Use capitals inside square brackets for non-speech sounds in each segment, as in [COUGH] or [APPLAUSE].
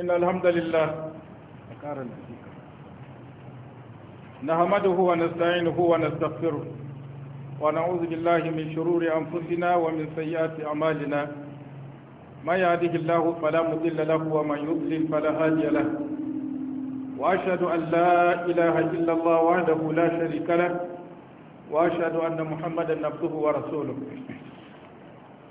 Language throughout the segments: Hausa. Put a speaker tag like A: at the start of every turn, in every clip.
A: إن الحمد لله نحمده ونستعينه ونستغفره ونعوذ بالله من شرور أنفسنا ومن سيئات أعمالنا ما يهده الله فلا مضل له ومن يضلل فلا هادي له وأشهد أن لا إله إلا الله وحده لا شريك له وأشهد أن محمدا عبده ورسوله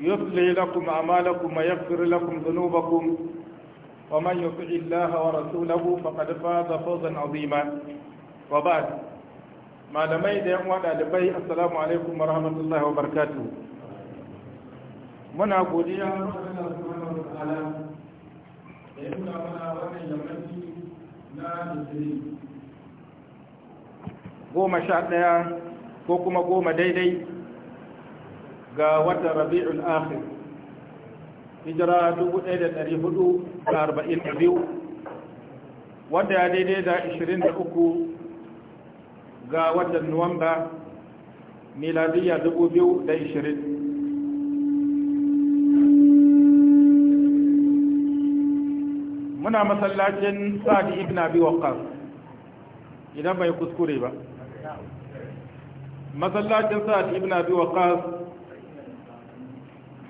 A: يصلح لكم أعمالكم ويغفر لكم ذنوبكم ومن يطع الله ورسوله فقد فاز فوزا عظيما وبعد ما لم يدعم يوم دalibai assalamu alaikum wa rahmatullahi wa muna godiya Allah subhanahu wa ta'ala da ya mana wannan yammaci na goma sha ɗaya ko kuma goma daidai ga watan rabi'ul akhir hijira 1442 wanda ya daidai da 23 ga watan nuwamba miladiyya 2020 muna masallacin sa'adi ibn abi waqqas idan bai kuskure ba
B: masallacin sa'adi ibn abi waqqas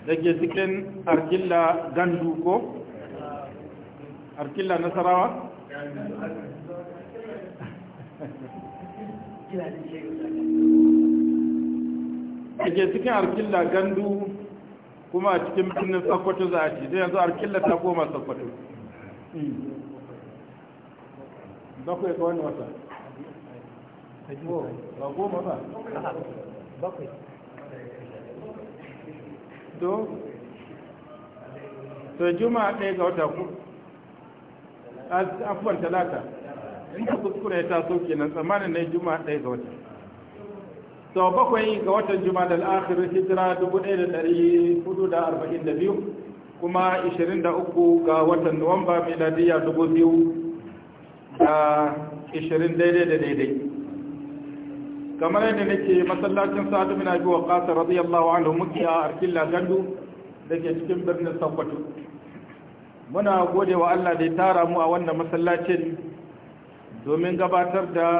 A: dake cikin arkilla gandu ko arkilla nasarawa dake cikin arkilla gandu kuma a cikin birnin sakwato za a ce da yanzu arkilla ta goma sakwato bakwai ga wani wata ba goma ba bakwai to to juma ɗaya ga wata ku afuwan talata in ka kuskure ta so kenan tsammanin na Juma ɗaya ga wata To bakwai ga watan Juma da al'akhir hijira 1442 kuma 23 ga watan nuwamba miladiyya biyu da 20 daidai da daidai kamar yadda nake masallacin sa'adu min abi waqas radiyallahu anhu muke a arkilla gandu dake cikin birnin Sokoto muna gode wa Allah da ya tara mu a wannan masallacin domin gabatar da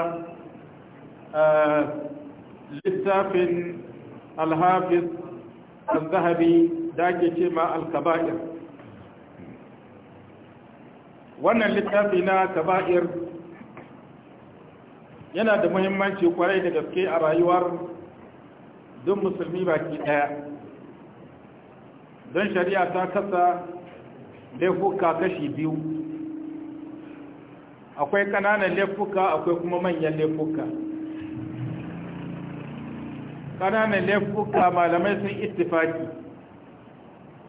A: littafin alhafiz al-zahabi da ake ce ma al-kaba'ir wannan littafi na kaba'ir yana da muhimmanci kwarai da gaske a rayuwar duk musulmi baki ɗaya. don shari'a ta kasa laifuka kashi biyu akwai kananan laifuka akwai kuma manyan laifuka kananan laifuka malamai sun ittifaki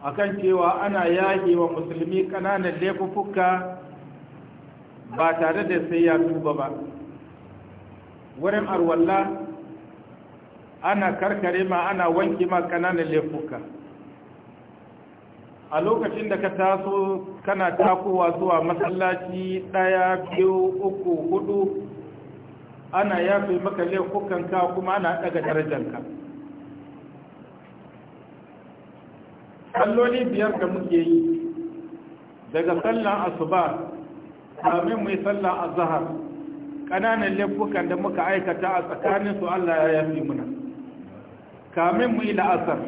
A: akan cewa ana yaƙi wa musulmi kananan laifuka ba tare da sai ya tuba ba wurin arwalla ana karkare ma ana wanki ma kananan laifuka a lokacin da ka taso kana takowa zuwa masallaci ɗaya biyu uku hudu ana yafe maka ka kuma ana ɗaga darajanka salloli biyar da muke yi daga sallan asuba kamin mai sallan azahar ƙananan laifukan da muka aikata a tsakanin su Allah ya yafi muna kamin mu yi la'asar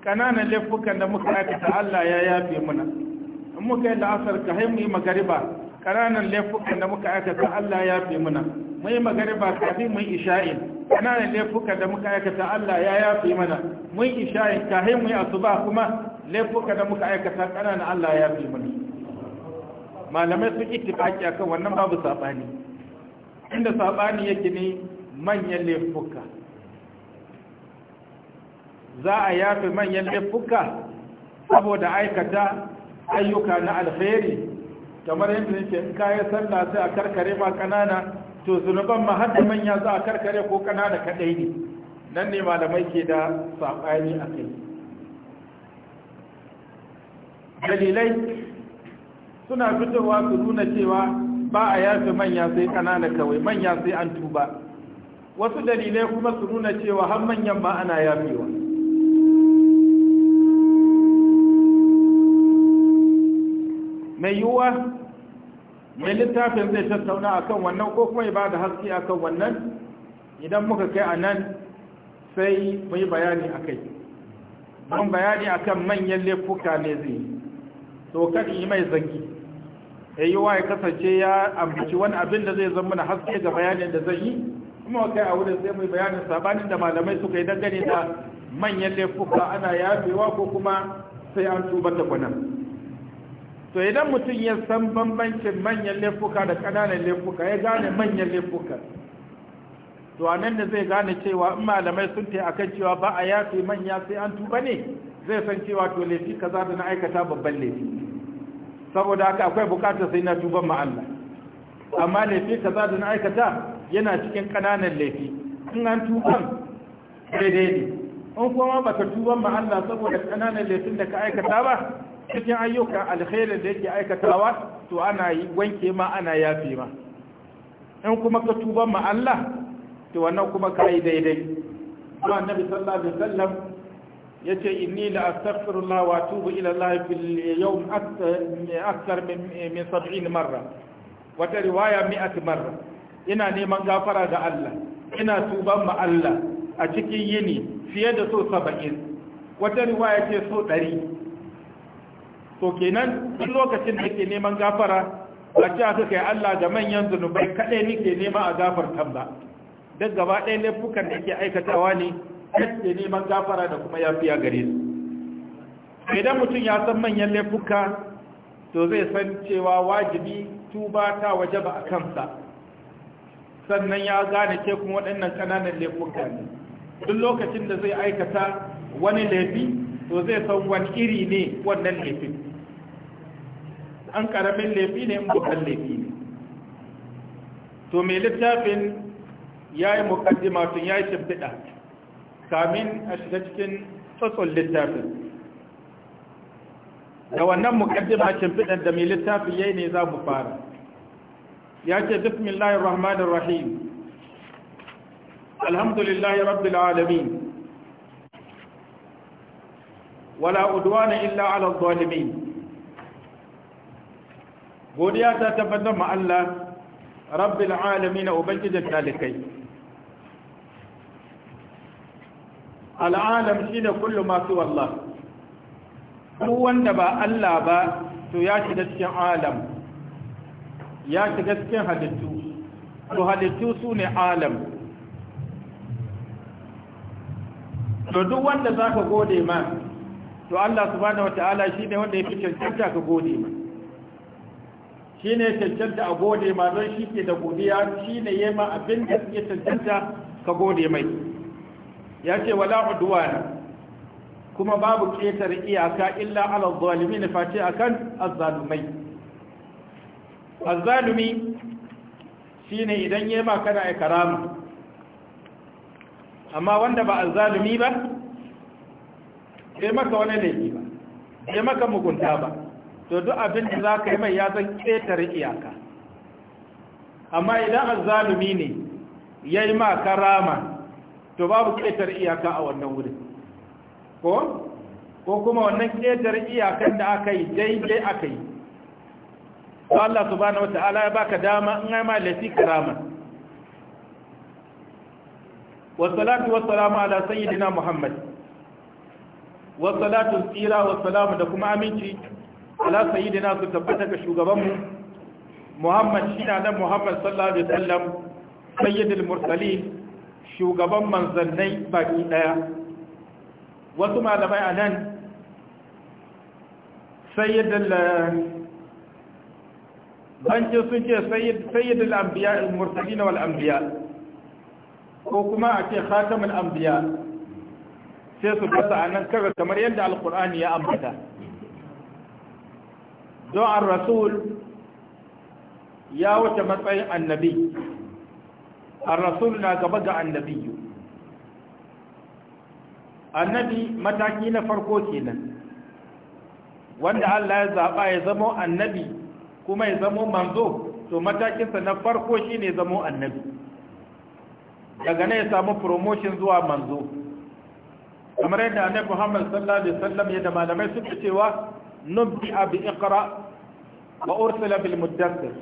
A: ƙananan laifukan da muka aikata Allah ya yafi muna in muka yi la'asar ka mu yi magariba ƙananan laifukan da muka aikata Allah ya yafi muna mu yi magariba kafin mu yi isha'in ƙananan laifukan da muka aikata Allah ya yafi mana mu yi isha'in kafin mu yi asuba kuma laifukan da muka aikata ƙananan Allah ya yafi mana malamai sun ittifaki akan wannan babu sabani inda saɓani yake ne manyan laifuka za a yafe manyan laifuka saboda aikata ayyuka na alheri kamar yadda yake in kayi sallah sai a karkare ma ƙanana to zunuban ma har da manya za a karkare ko kanana kaɗai ne nan ne malamai ke da sabani a kai dalilai suna fitowa su nuna cewa ba a yafe manya sai kanana kawai manya sai an tuba wasu dalilai kuma su nuna cewa har manyan ba ana yafewa mai yiwuwa mai littafin zai tattauna kan wannan ko kuma ba da haske a kan wannan idan muka kai a nan sai mu yi bayani a kai mun bayani a kan manyan laifuka ne zai to kan yi mai zangi Eh, ya wa ya kasance ya ambaci wani abin da zai zama na haske ga bayanin da zai yi kuma kai a wurin sai mai bayanin sabanin da malamai suka yi dangane da manyan laifuka ana yafewa ko kuma sai an tuba da gwanan to idan mutum ya san bambancin manyan laifuka da ƙananan laifuka ya gane manyan laifuka to a nan da zai gane cewa in malamai sun ta akan cewa ba a yafe manya sai an tuba ne zai san cewa to laifi kaza da na aikata babban laifi saboda haka akwai bukatar sai na tuban ma amma laifi kaza da na aikata yana cikin kananan laifi in an tuban daidai ne in kuma ba ka tuban ma Allah saboda kananan laifin da ka aikata ba cikin ayyukan alkhairin da yake aikatawa to ana wanke ma ana yafe ma in kuma ka tuban ma Allah to wannan kuma ka yi daidai to annabi sallallahu alaihi wasallam yace inni la astaghfirullah wa atubu ila Allah fil yawm akthar min min 70 marra wata riwaya 100 marra ina neman gafara ga Allah ina tuban ma Allah a cikin yini fiye da so 70 wata riwaya ce so 100 to kenan duk lokacin da ke neman gafara ba ce aka kai Allah ga manyan zunubai kadai nake nema a gafartan ba duk gaba ɗaya laifukan da ke aikatawa ne kake neman gafara da kuma yafiya gare su idan mutum ya san manyan laifuka to zai san cewa wajibi tuba ta waje ba a kansa sannan ya gane ke kuma waɗannan ƙananan laifuka ne duk lokacin da zai aikata wani laifi to zai san wani iri ne wannan laifin an ƙaramin laifi ne in bukan laifi ne to mai littafin ya yi mukaddima tun ya yi shimfiɗa kamin a shiga cikin tsotson littafin da wannan mukaddima shimfiɗar da mai littafi yayi ne za mu fara ya ce bismillahir rahmanir rahim alhamdulillahi rabbil alamin wala udwana illa ala zalimin godiya ta tabbatar ma Allah rabbil alamin ubangijin talikai al'alam shine kullu masu wallah duk wanda ba Allah ba to ya shiga cikin alam ya shiga cikin halittu to halittu su ne alam to duk wanda za ka gode ma to Allah subhanahu wata'ala shi ne wanda ya fi cancanta ka gode ma shi ne cancanta a gode ma don shi ke da godiya shi ne ya ma abin da suke cancanta ka gode mai ya ce wala udwana kuma babu ƙetar iyaka illa ala zalimi na face akan azzalumai azzalumi shine idan yi ma kana ya karama amma wanda ba azzalumi ba sai maka wani laifi ba sai maka mugunta ba to duk abin da za ka yi mai ya zan ƙetar iyaka amma idan azzalumi ne ya yi ma karama to babu ƙetar iyaka a wannan wurin ko ko kuma wannan ƙetar iyakan da aka yi daidai aka yi to Allah subhanahu wata'ala ya baka dama in ai ma lafi karama wassalatu wassalamu ala sayyidina muhammad wassalatu tsira wa salamu da kuma aminci ala sayyidina su tabbata ga shugabanmu muhammad shi na nan muhammad sallallahu alaihi wasallam sayyidul mursalin shugaban manzannai baki ɗaya wasu malamai a nan bancin sun ce sayyidul ambiya al-mursalin wal ambiya ko kuma a ce khatamul ambiya sai su fasa a nan kaga kamar yadda al alkur'ani ya ambata don an rasul ya wuce matsayin annabi A rasul na gaba ga annabiyu annabi mataki na farko kenan wanda Allah ya zaba ya zama annabi kuma ya zama manzo to matakinsa na farko shine zama annabi daga ne ya samu zuwa manzo kamar yadda annabi Muhammad sallallahu alaihi wasallam yadda malamai suka cewa nubbi bi iqra wa ursila bil muddathir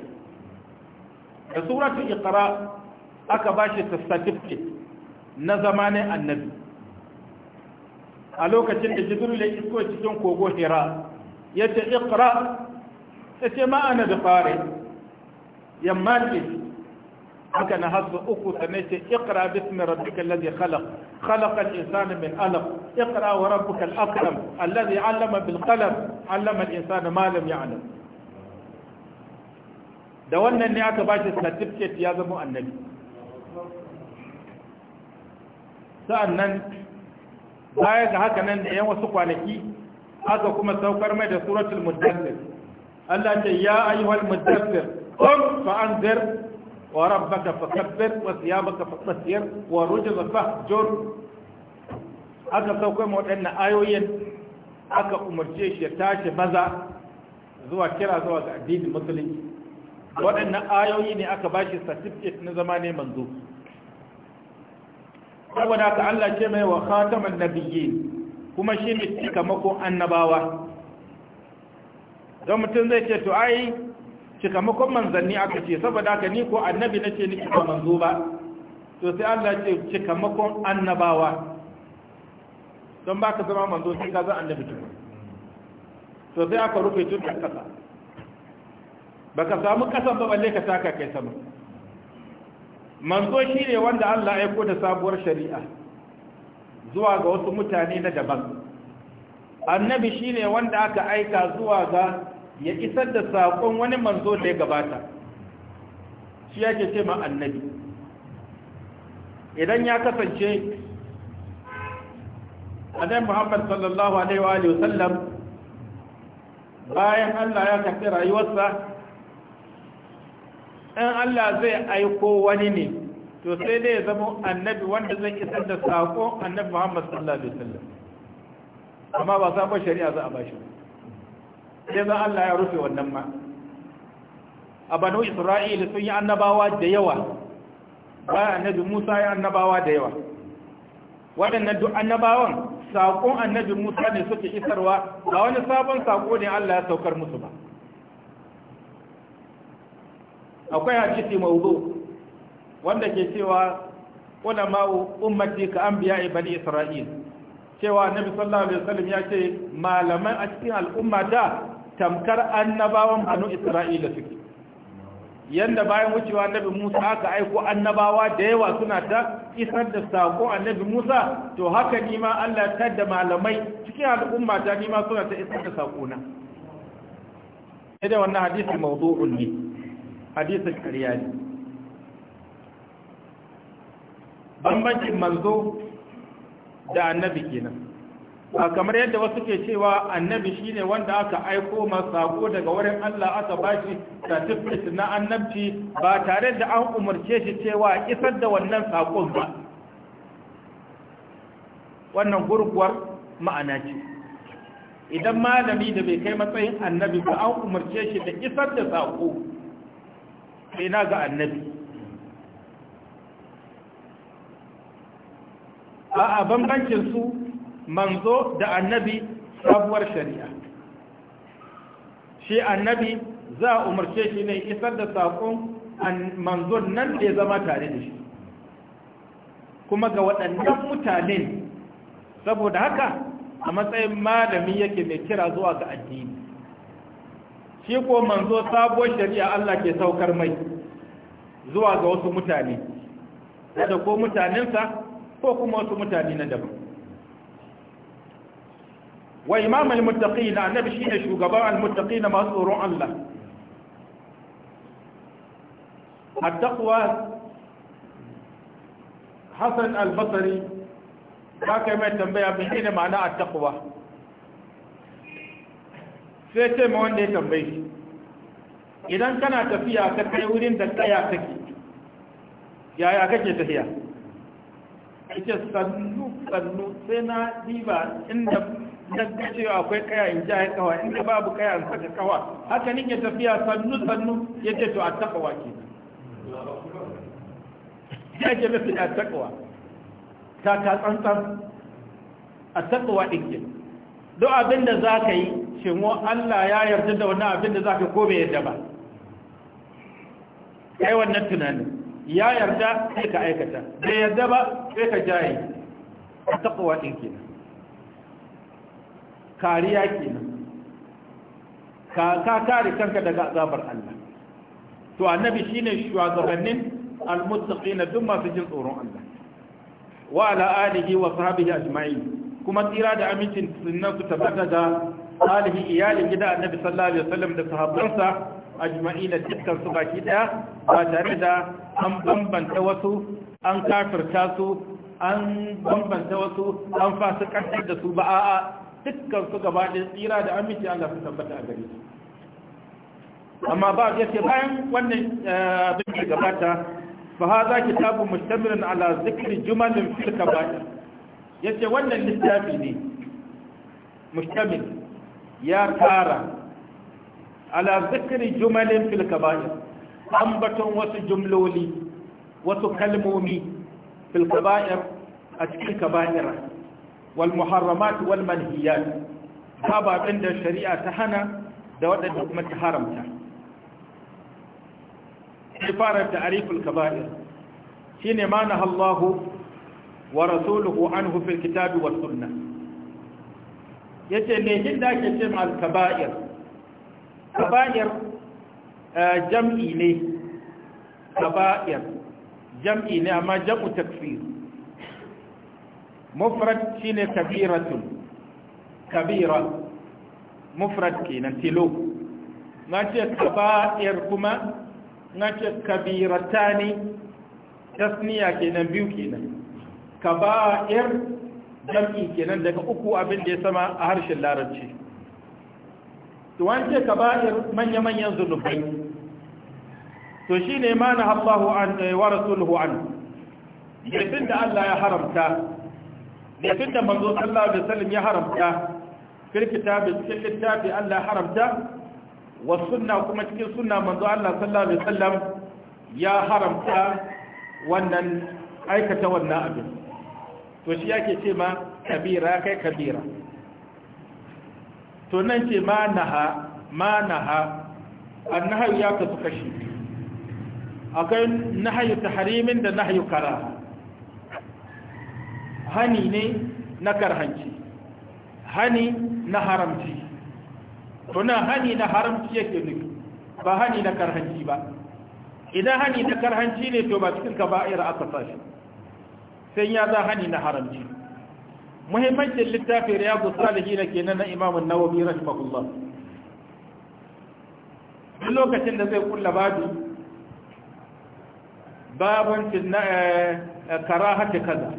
A: da suratu iqra aka ba shi certificate na zamanin annabi a lokacin da jibril ya isko cikin kogo hira ya ce ikra ta ce ma'ana da fare yamma ce haka na hasu uku sanai ce ikra bismi rabbika alladhi khalaq khalaqa al-insana min alaq ikra wa rabbuka al-akram alladhi 'allama bil qalam 'allama al-insana ma lam da wannan ne aka ba shi certificate ya zama annabi sa'annan baya ga haka nan da yan wasu kwanaki aka kuma saukar mai da suratul muddassir Allah ce ya ayyuhal muddassir qum fa’an zir wa rabbaka wasu ya thiyabaka fatahhir wa sa. jor aka saukar mai waɗannan ayoyin aka umarce shi ya tashi maza zuwa kira zuwa ga addinin musulunci waɗannan ayoyi ne aka ba shi certificate na zama ne manzo saboda ka Allah ce mai wa khataman nabiyyin kuma shi ne cikamakon annabawa don mutum zai ce to ai cikamakon manzanni aka ce saboda ka ni ko annabi na ce ni ba manzo ba to sai Allah ce cikamakon annabawa don ba ka zama manzo sai ka zan annabi tukun to sai aka rufe tun da kasa ba ka samu kasan ba balle ka taka kai sama manzo shi ne wanda Allah ya da sabuwar shari'a zuwa ga wasu mutane na daban annabi shi ne wanda aka aika zuwa ga ya isar da saƙon wani manzo da ya gabata shi yake ce ma annabi idan ya kasance annabi Muhammad sallallahu alaihi wa sallam bayan Allah ya tafi rayuwarsa in Allah zai aiko wani ne to sai dai ya zama annabi wanda zai isar da sako annabi Muhammad sallallahu alaihi wasallam amma ba sabon shari'a za a bashi sai zan Allah ya rufe wannan ma a banu Isra'ila sun yi annabawa da yawa ba annabi Musa ya annabawa da yawa waɗannan duk annabawan saƙon annabi Musa ne suke isarwa ba wani sabon saƙo ne Allah ya saukar musu ba akwai hadisi mawdu wanda ke cewa ulama ummati ka anbiya bani isra'il cewa nabi sallallahu alaihi wasallam ya ce malaman a cikin al'umma da tamkar annabawan banu isra'ila suke yanda bayan wucewa nabi Musa aka aiko annabawa da yawa suna ta isar da sako annabi Musa to haka nima Allah ta da malamai cikin al'umma ta nima suna ta isar da sako na. da wannan hadisi mawdu'un ne. hadisin ƙarya ne bambancin manzo da annabi kenan a kamar yadda wasu ke cewa annabi shine wanda aka aiko sako daga wurin Allah aka bashi certificate na annabci ba tare da an umarce shi cewa isar da wannan sakon ba wannan gurguwar ma'ana ce idan malami da bai kai matsayin annabi ba an umarce shi da isar da sako sai na ga annabi a bambancin su manzo da annabi sabuwar shari'a shi annabi za a umarce shi ne isar da saƙon manzo nan da ya zama tare da shi kuma ga waɗannan mutanen saboda haka a matsayin malami yake mai kira zuwa ga addini shi ko manzo sabuwar shari'a Allah ke saukar mai zuwa ga wasu mutane da ko mutanensa ko kuma wasu mutane na daban wa imam al-muttaqin annabi shine shugaban al-muttaqin masu tsoron Allah at-taqwa Hassan al-Basri ba kai mai tambaya bin ne ma'ana at-taqwa sai ce ma wanda ya tambaye shi idan kana tafiya ka kai wurin da tsaya take yaya kake tafiya ake sannu sannu sai na diba inda da kace akwai kaya in jaye kawa inda babu kaya in saka kawa haka nike tafiya sannu sannu yace to a takawa ke
B: ya ke mafi a
A: takawa ta ka tsantsan a takawa ɗin ke do abin da za ka yi shin Allah ya yarda da wannan abin da za ka ko bai yarda ba kai wannan tunanin ya yarda sai ka aikata bai yarda ba sai ka jaye a taɓawa ɗin kariya kenan ka ka kare kanka daga azabar Allah to annabi shine shugabannin almuttaqina duk masu jin tsoron Allah wa ala alihi wa sahbihi ajma'in kuma tsira da amincin sunan su tabbata da alihi iyalin gida annabi sallallahu alaihi wasallam da sahabbansa ajma'ina dukkan su baki daya ba tare da an bambanta wasu an kafirta su an bambanta wasu an fasikantar da su ba a'a dukkan su gaba ɗaya tsira da aminci Allah su tabbata a gare
B: su amma ba ya ce bayan
A: wannan eh, abin da gabata fa hadha kitabun mustamirin ala zikri jumalin fil kaba'ir yace wannan littafi ne mustamil ya tara ala zikri jumalin fil kaba'ir ambaton wasu jumloli wasu kalmomi fil a cikin kaba'ira wal muharramat wal manhiyat ababen da shari'a ta hana da waɗanda kuma ta haramta sai fara ta'riful kaba'ir shine ma nahallahu wa rasuluhu anhu fil kitabi was sunnah ya ce mai da ke ce al-kaba'ir kaba'ir eh, jam'i ne kaba'ir jam'i ne amma jam'u takfir mufrad ne kabiratun kabira mufrad kenan tilo na ce kaba'ir kuma na ce kabiratani tasniya kenan biyu kenan kaba'ir jam'i kenan daga uku abin da ya sama a harshen larabci to wance kaba'ir manya-manyan zunubai to shine ma na Allahu an eh, wa rasuluhu an yafin da Allah ya haramta yafin da manzo sallallahu da wasallam ya haramta Firkita kitabi cikin littafi Allah ya haramta wa sunna kuma cikin sunna manzo Allah sallallahu alaihi wasallam ya haramta wannan aikata wannan abin to shi yake ce ma kabira kai kabira to nan ce ma naha ma naha annahu ya kasu kashi akwai nahayu tahrimin da nahayu karaha hani ne na karhanci hani na haramci to nan hani na haramci yake nufi ba hani na karhanci ba idan hani na karhanci ne to ba cikin ka kaba'ira aka sashi sai ya za hani na haramci muhimmancin littafin riyadu salihin kenan na imamun nawawi rahimahullah duk lokacin da zai kulla babu kara eh, karahati kaza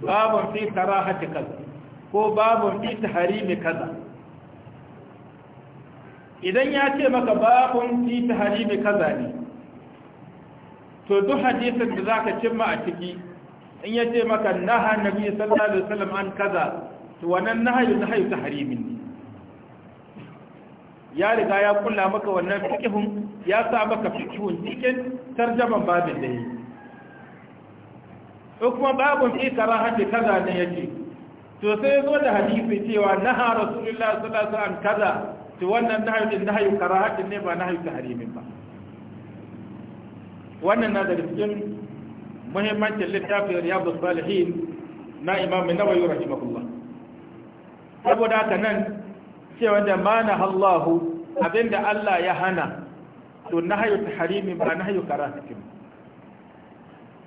A: babon fi karahati kaza ko babon fi taharimi kaza idan ya ce maka babon fi taharimi kaza ne to duk hadisin da za ka cimma a ciki in ya ce maka naha nabi sallallahu alaihi wasallam an kaza to wannan nahayu nahayu tahrimin ne ya riga ya kulla maka wannan fiqhun ya sa maka fiqhun cikin tarjaman babin da yi ko kuma babun fi karahati kaza ne yake to sai zo da hadisi cewa naha rasulullahi sallallahu alaihi wasallam kaza to wannan nahayu din kara karahatin ne ba ta tahrimin ba wannan na da cikin muhimmancin littafin riyadu salihin na imamu nawayi rahimahullah saboda haka nan cewa da mana Allahu abinda Allah ya hana to na nahyu tahrimin ba na kara karahatin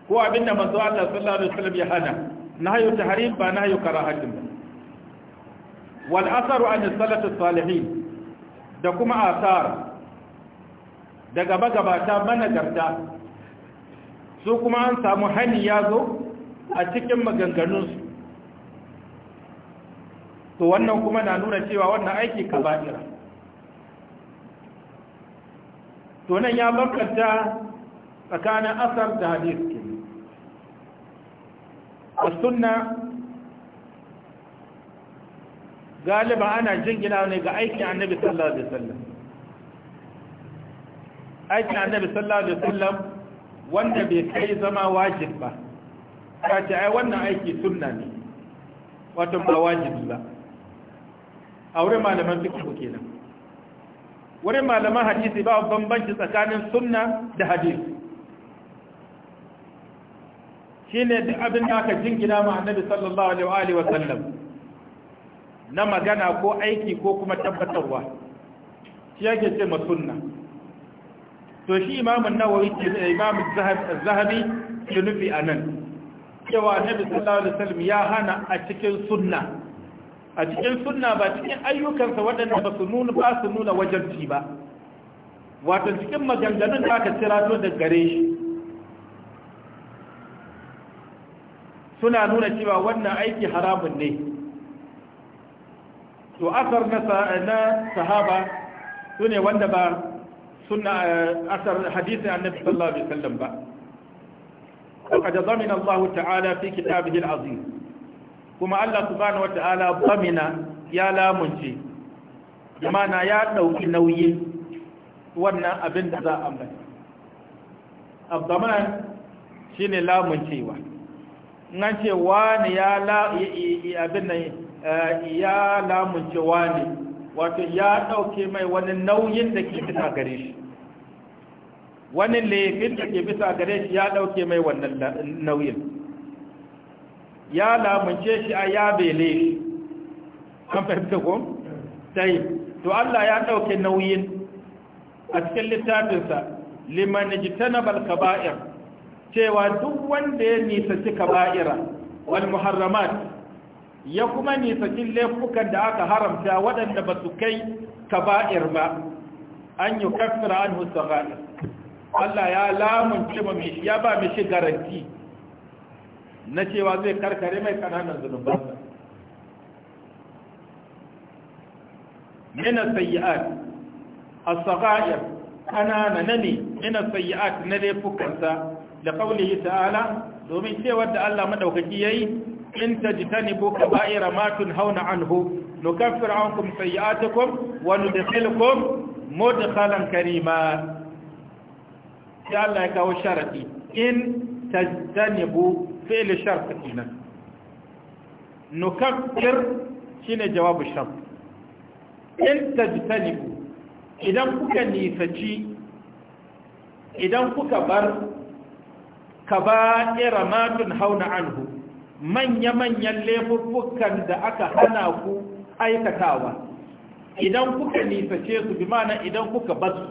A: ko abinda manzo Allah sallallahu alaihi wasallam ya hana na nahyu tahrim ba na nahyu karahatin wal atharu an salatu salihin da kuma asar daga mana garta. su kuma an samu hani ya zo a cikin maganganunsu to wannan kuma na nuna cewa wannan aiki kaba'ira to nan ya bambanta tsakanin asar da hadis a suna galiba ana jingina ne ga aikin annabi sallallahu alaihi wasallam aikin annabi sallallahu alaihi wasallam wanda bai kai zama wajib ba ta ce ai wannan aiki sunna ne wato ba wajibi ba a wurin malaman ko kenan wurin malaman hadisi ba bambanci tsakanin sunna da hadisi shine duk abin da aka jingina ma annabi sallallahu alaihi wa sallam na magana ko aiki ko kuma tabbatarwa shi yake ce ma sunna to shi imamun nawawi ke imamun zahabi ke nufi a nan cewa annabi sallallahu alaihi wasallam ya hana a cikin sunna a cikin sunna ba cikin ayyukansa waɗanda ba su nuna ba su nuna wajenci ba wato cikin maganganun da aka to da gare shi suna nuna cewa wannan aiki haramun ne to asar na sahaba su ne wanda ba sunna eh, asar hadisin annabi sallallahu alaihi wasallam ba وقد ضمن الله تعالى في كتابه العظيم كما الله سبحانه وتعالى ضمن يا لامنشي بمعنى يا دوكي نوي wannan abin da za a ambata abdaman shi ne lamun cewa ce wani ya abin nan eh, ya ne wato ya ɗauke mai wani nauyin da ke bisa gare shi wani laifin da ke bisa gare shi ya ɗauke mai wannan nauyin ya lamunce shi a ya bele shi kan fahimta ko? sai to Allah ya ɗauke nauyin a cikin littafinsa liman jitana kaba'ir cewa duk wanda ya nisa ci kaba'ira wal muharramat ya kuma nisakin laifukan da aka haramta waɗanda ba su kai kaba'ir ba an yi kafira an hussabaɗa Allah ya lamunce ya ba mai shi garanti na cewa zai karkare mai kananan zunubansa mina sayi'at a tsagayar kanana na ne mina sayi'at na laifukansa da ƙaunihi ta'ala domin cewar da Allah maɗaukaki ya yi in tajtanibu kaba'ira ma tunhauna anhu nukaffir ankum sayyi'atikum wa nudkhilukum mudkhalan karima Ya Allah ya kawo sharadi in tajtanibu fi'l shart kenan nukaffir shine jawabu shart in tajtanibu idan kuka nifaci, idan kuka bar kaba'ira ma tunhauna anhu manya-manyan laifuffukan da aka hana ku aikatawa idan kuka nisace su bi mana idan kuka basu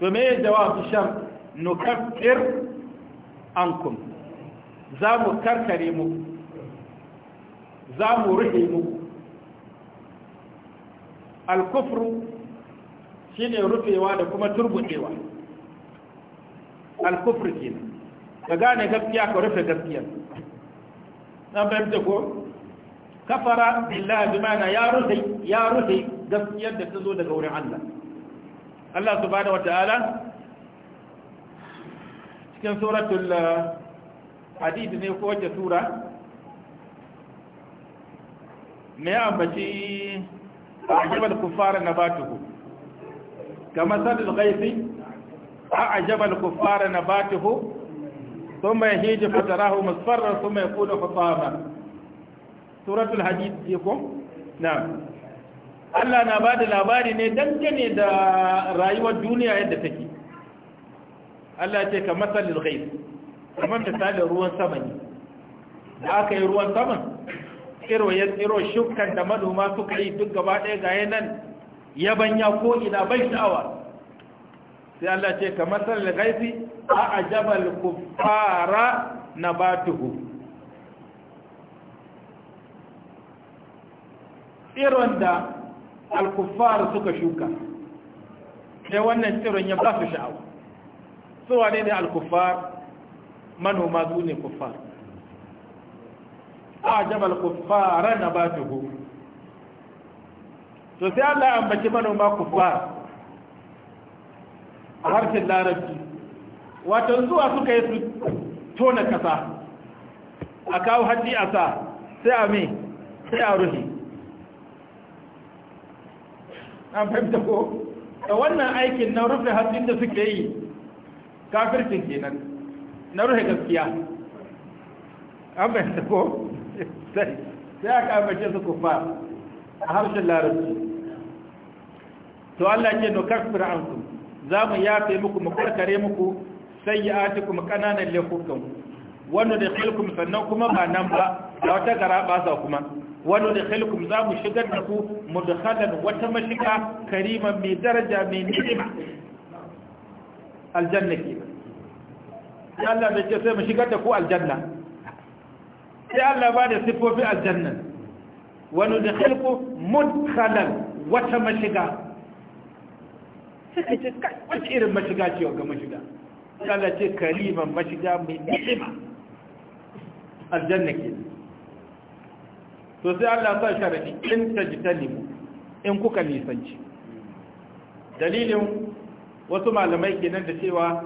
A: to me su shan nukaffir ankum za mu karkare muku za mu rufe muku alkufru ne rufewa da kuma turbudewa alkufru kenan ka gane gaskiya ka rufe gaskiya na fahimta ko kafara billahi bi mana ya rufe ya rufe gaskiyar da ta zo daga wurin Allah Allah subhanahu wataala cikin suratul hadid ne ko wace sura me ya ambaci ajabal kuffara nabatuhu kama sadul ghaithi ajabal kuffara nabatuhu ثم يهيج فتراه مصفرا ثم يقول حطاما سورة الحديد يكون نعم Allah na ba da labari ne dangane da rayuwar duniya yadda take Allah ce ka matsalin gais kamar misalin ruwan sama ne da aka yi ruwan saman tsiro ya tsiro shukkan da manoma suka yi duk gaba ɗaya ga yanan yabanya ko ina bai sha'awa sai Allah ce ka kamar da gaifi a ajabal ba nabatuhu tsiron da alkufar suka shuka sai wannan tsiron ya ba su sha'awa su wane ne alkufar manoma su ne kufar a jabal kuffara na ba su to sai Allah ambaci manoma kufar a harshen larabci wato zuwa suka yi su tona kasa a kawo hajji a sa sai a mai sai a ruhi an fahimta ko da wannan aikin na rufe hajji da suke yi kafircin kenan na rufe gaskiya an fahimta ko sai aka ambace su kufa a harshen larabci to Allah ke nukar firansu. su za mu yafe muku mu karkare muku kuma kananan laifukan wani da khilkum sannan kuma ba nan ba da wata gara ba za kuma wani da khilkum za mu shigar da ku mu da halar wata mashiga kariman mai daraja mai ni'ima aljanna ke ya Allah da ke sai mu shigar da ku aljanna sai Allah ba da sifofi aljanna wani da khilku mudkhalan wata mashiga sai ka ce kai wacce irin mashiga ce ga mashiga Allah ce kariman mashiga mai ni'ima aljanna ke to sai Allah sa sharadi in tajtanibu in kuka nisanci dalilin wasu malamai kenan da cewa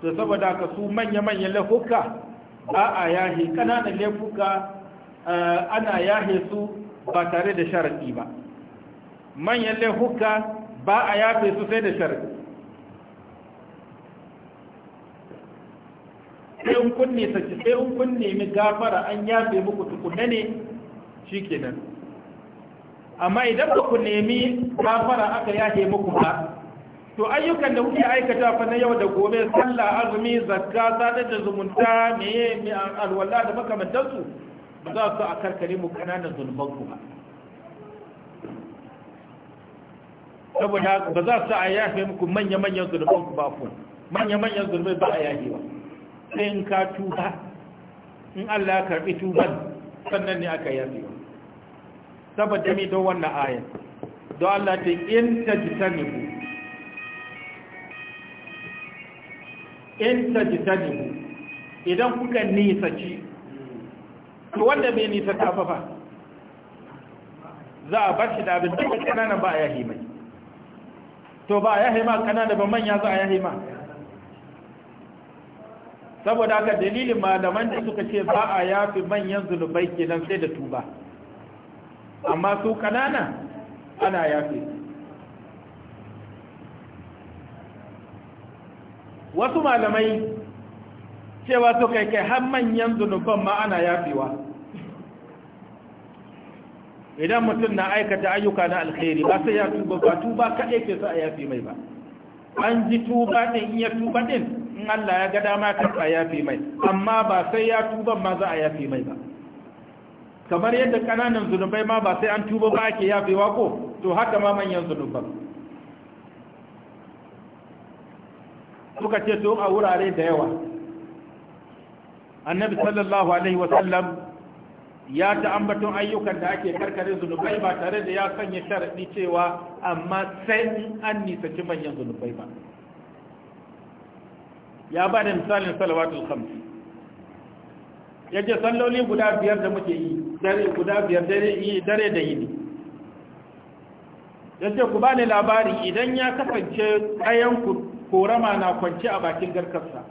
A: to saboda ka su manya-manyan laifuka ba a yahe kananan laifuka eh, ana yahe su ba tare da sharaɗi ba manyan laifuka ba a yafe su sai da shari sai in kunne sai in kunne mi gafara an yafe muku tukunne ne shi kenan amma idan ba ku nemi gafara aka yafe muku ba to ayyukan da kuke aikata fa na yau da gobe sallah azumi zakka sadar da zumunta me alwala da makamantansu ba za su a karkare mu kananan zunubanku ba saboda ba za su a yafe muku manya-manyan zurbin ku ba ku manya-manyan zurbin ba a yafe ba sai in ka tuba in Allah ya karbi tuban sannan ne aka yafe ba saboda mai don wannan ayan don Allah ta in ta ji ku, in ta ji ku, idan kuka ci, to wanda mai nisa ta ba za a bar shi da abin da kanana ba a yahi mai to ba a haima ma kanana ba manya za a ya haima? saboda haka dalilin malaman da suka ce ba a yafi manyan zunubai kenan sai da tuba amma su kanana ana yafi wasu malamai cewa su kai kai har manyan zunuban ma ana yafewa idan mutum na aikata ayyuka na alkhairi ba sai ya tuba ba tuba kaɗai ke sa a yafi mai ba an ji tuba ɗin iya tuba ɗin in Allah ya ga dama ta a yafi mai amma ba sai ya tuba ma za a yafi mai ba kamar yadda ƙananan zunubai ma ba sai an tuba ba ake wa ko to haka ma manyan zunuban suka ce to a wurare da yawa annabi sallallahu alaihi wasallam ya ta ambaton ayyukan da ake karkare zunubai ba tare da ya sanya sharaɗi cewa amma sai an nisanci manyan zunubai ba ya ba da misalin salawatul khamsi ya ce salloli guda biyar da muke yi dare guda biyar dare da yini ya ce ku bani labari idan ya kasance ɗayan korama na kwance a bakin garkarsa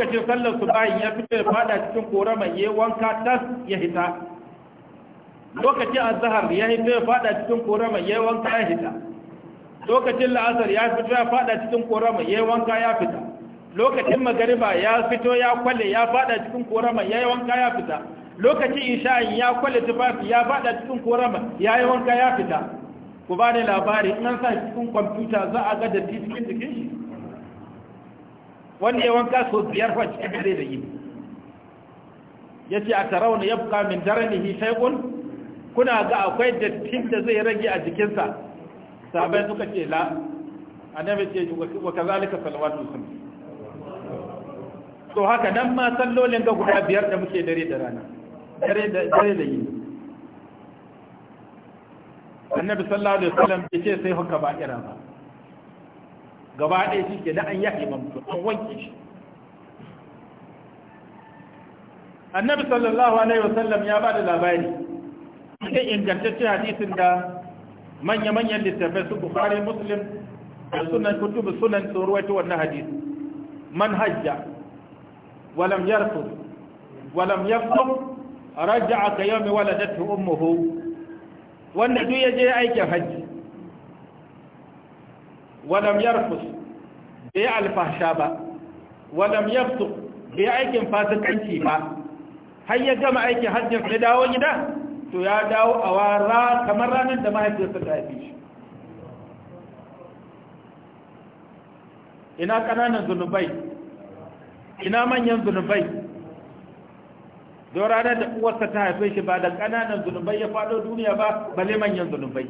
A: lokacin sallar su bayan ya fito ya fada cikin mai ya wanka tas ya hita lokacin azhar ya fito ya fada cikin mai ya wanka ya hita lokacin la'asar ya fito ya fada cikin mai ya wanka ya fita lokacin magariba ya fito ya kwalle ya fada cikin mai ya wanka ya fita lokacin isha'in ya kwalle tufafi ya fada cikin mai ya wanka ya fita ku ba ni labari in an sa cikin kwamfuta za a ga da cikin jikin shi wanda ya wanka so biyar fa cikin dare da ya yace a tarawna yabqa min daranihi shay'un kuna ga akwai dattin da zai rage a jikinsa sabai suka ce la annabi ce wa kazalika salawatu sun to haka nan ma sallolin ga guda biyar da muke dare da rana dare da dare da yini annabi sallallahu alaihi wasallam ya ce sai hukka ba ira ba gaba ɗaya shi ke da an yahe ma mutum an wanke shi annabi sallallahu alaihi wasallam ya ba da labari cikin ingantaccen hadisin da manya-manyan littattafai su bukari muslim da sunan kutubu sunan tsoruwaito wannan hadisi man hajja walam yarfu walam yafsu raja'a ka yawmi waladatu ummuhu wanda duk je aikin hajji walam yarfus bai alfasha ba walam yaftu bai aikin fasikanci ba har ya gama aikin hajjin ya dawo gida to ya dawo a wara kamar ranar da mahaifiyarsa ta haife shi ina ƙananan zunubai ina manyan zunubai don ranar da uwarsa ta haife shi ba da ƙananan zunubai ya faɗo duniya ba bale manyan zunubai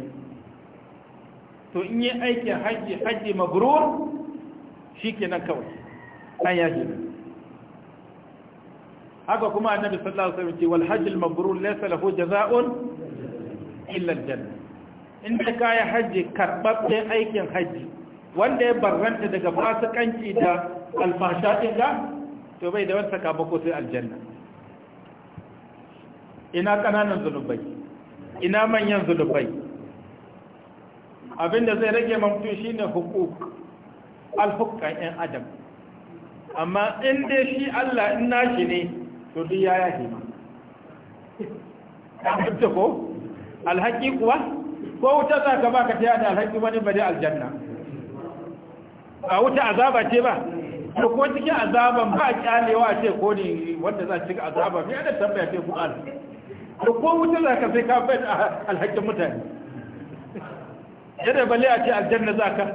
A: to in yi aikin hajji hajji mabrur shi ke nan kawai an yaji haka kuma annabi sallallahu alaihi wasallam ce wal hajjul mabrur laysa lahu jazaa'un illa janna. in da kayan hajji karɓaɓɓen aikin hajji wanda ya barranta daga fasikanci da alfasha ɗin ga to bai da wani sakamako sai aljanna ina ƙananan zunubai ina manyan zunubai abinda zai rage mamtu shine hukuk alhukkan yan adam amma in dai shi Allah in nashi ne to duk ya Ka ta ko alhaki kuwa ko wuta za ka baka ta yada alhaki wani bari aljanna a wuta azaba ce ba to ko cikin azaban ba kyalewa ce ko ne wanda za cika azaba mai yadda tambaya ce ku al to ko wuta za ka sai ka bai alhakin mutane yadda balle a ce aljanna za ka